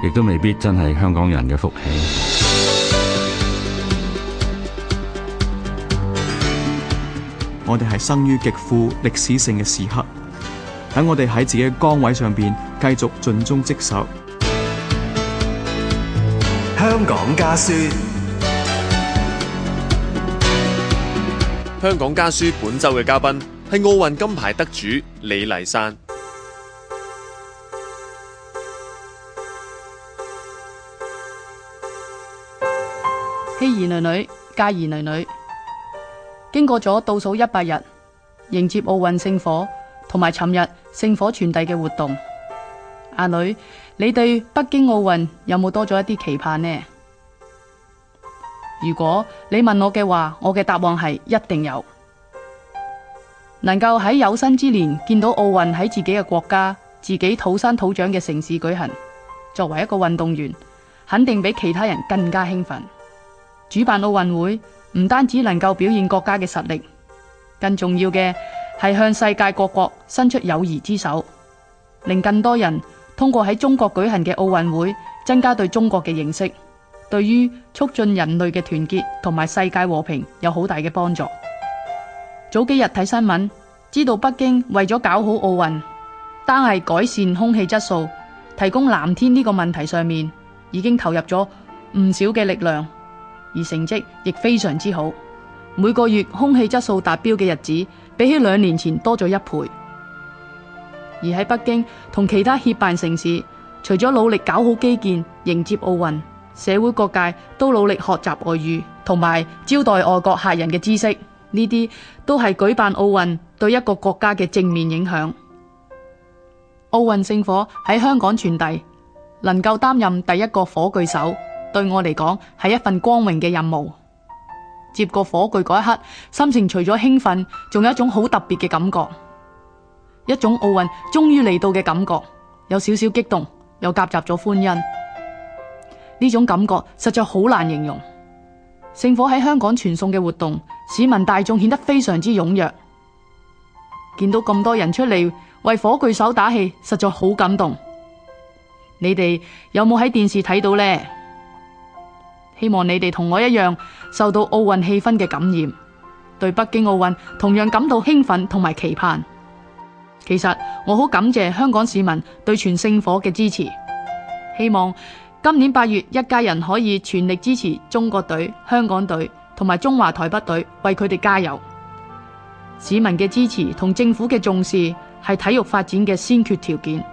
亦都未必真係香港人嘅福氣。我哋係生於極富歷史性嘅時刻，等我哋喺自己嘅崗位上邊繼續盡忠職守。香港家書，香港家書本周嘅嘉賓係奧運金牌得主李麗珊。希兒女女、嘉兒女女，經過咗倒數一百日，迎接奧運聖火同埋尋日聖火傳遞嘅活動。阿女，你對北京奧運有冇多咗一啲期盼呢？如果你問我嘅話，我嘅答案係一定有。能夠喺有生之年見到奧運喺自己嘅國家、自己土生土長嘅城市舉行，作為一個運動員，肯定比其他人更加興奮。主辦奧運會唔單止能夠表現國家嘅實力，更重要嘅係向世界各國伸出友誼之手，令更多人通過喺中國舉行嘅奧運會增加對中國嘅認識，對於促進人類嘅團結同埋世界和平有好大嘅幫助。早幾日睇新聞，知道北京為咗搞好奧運，單係改善空氣質素、提供藍天呢個問題上面，已經投入咗唔少嘅力量。而成績亦非常之好，每個月空氣質素達標嘅日子，比起兩年前多咗一倍。而喺北京同其他協辦城市，除咗努力搞好基建迎接奧運，社會各界都努力學習外語同埋招待外國客人嘅知識，呢啲都係舉辦奧運對一個國家嘅正面影響。奧運聖火喺香港傳遞，能夠擔任第一個火炬手，對我嚟講，係一份光榮嘅任務。接過火炬嗰一刻，心情除咗興奮，仲有一種好特別嘅感覺，一種奧運終於嚟到嘅感覺，有少少激動，又夾雜咗歡欣。呢種感覺實在好難形容。聖火喺香港傳送嘅活動，市民大眾顯得非常之踴躍。見到咁多人出嚟為火炬手打氣，實在好感動。你哋有冇喺電視睇到呢？希望你哋同我一樣受到奧運氣氛嘅感染，對北京奧運同樣感到興奮同埋期盼。其實我好感謝香港市民對傳聖火嘅支持。希望今年八月，一家人可以全力支持中國隊、香港隊同埋中華台北隊，為佢哋加油。市民嘅支持同政府嘅重視係體育發展嘅先決條件。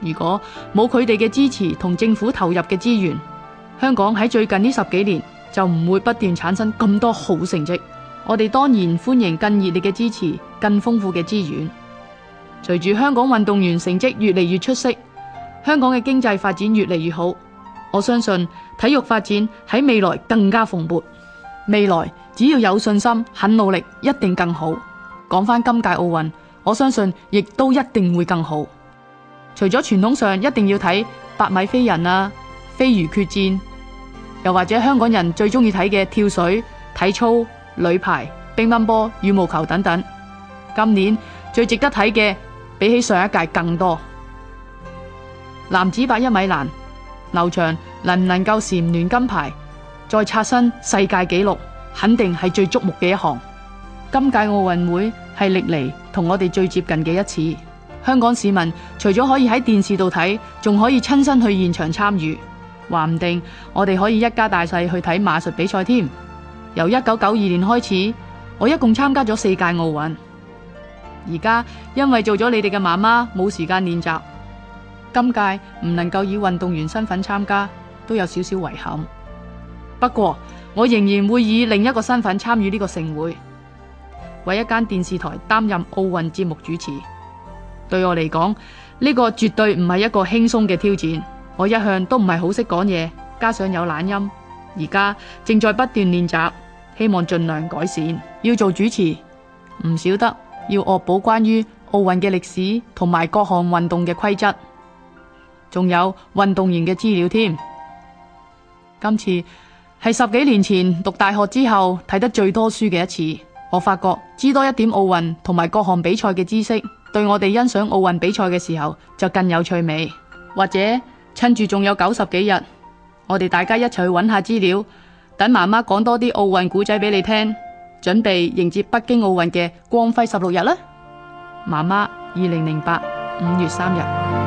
如果冇佢哋嘅支持同政府投入嘅資源，香港喺最近呢十幾年就唔會不斷產生咁多好成績，我哋當然歡迎更熱烈嘅支持，更豐富嘅資源。隨住香港運動員成績越嚟越出色，香港嘅經濟發展越嚟越好，我相信體育發展喺未來更加蓬勃。未來只要有信心、肯努力，一定更好。講翻今屆奧運，我相信亦都一定會更好。除咗傳統上一定要睇百米飛人啊，飛魚決戰。又或者香港人最中意睇嘅跳水、體操、女排、乒乓波、羽毛球等等，今年最值得睇嘅比起上一屆更多。男子百一米欄，劉翔能唔能夠蟬聯金牌，再刷新世界紀錄？肯定係最矚目嘅一項。今屆奧運會係歷嚟同我哋最接近嘅一次，香港市民除咗可以喺電視度睇，仲可以親身去現場參與。話唔定我哋可以一家大細去睇馬術比賽添。由一九九二年開始，我一共參加咗四屆奧運。而家因為做咗你哋嘅媽媽，冇時間練習，今屆唔能夠以運動員身份參加，都有少少遺憾。不過我仍然會以另一個身份參與呢個盛會，為一間電視台擔任奧運節目主持。對我嚟講，呢個絕對唔係一個輕鬆嘅挑戰。我一向都唔係好識講嘢，加上有懶音，而家正在不斷練習，希望盡量改善。要做主持，唔少得要惡補關於奧運嘅歷史同埋各項運動嘅規則，仲有運動員嘅資料添。今次係十幾年前讀大學之後睇得最多書嘅一次。我發覺知多一點奧運同埋各項比賽嘅知識，對我哋欣賞奧運比賽嘅時候就更有趣味，或者。趁住仲有九十幾日，我哋大家一齊去揾下資料，等媽媽講多啲奧運故仔俾你聽，準備迎接北京奧運嘅光輝十六日啦！媽媽，二零零八五月三日。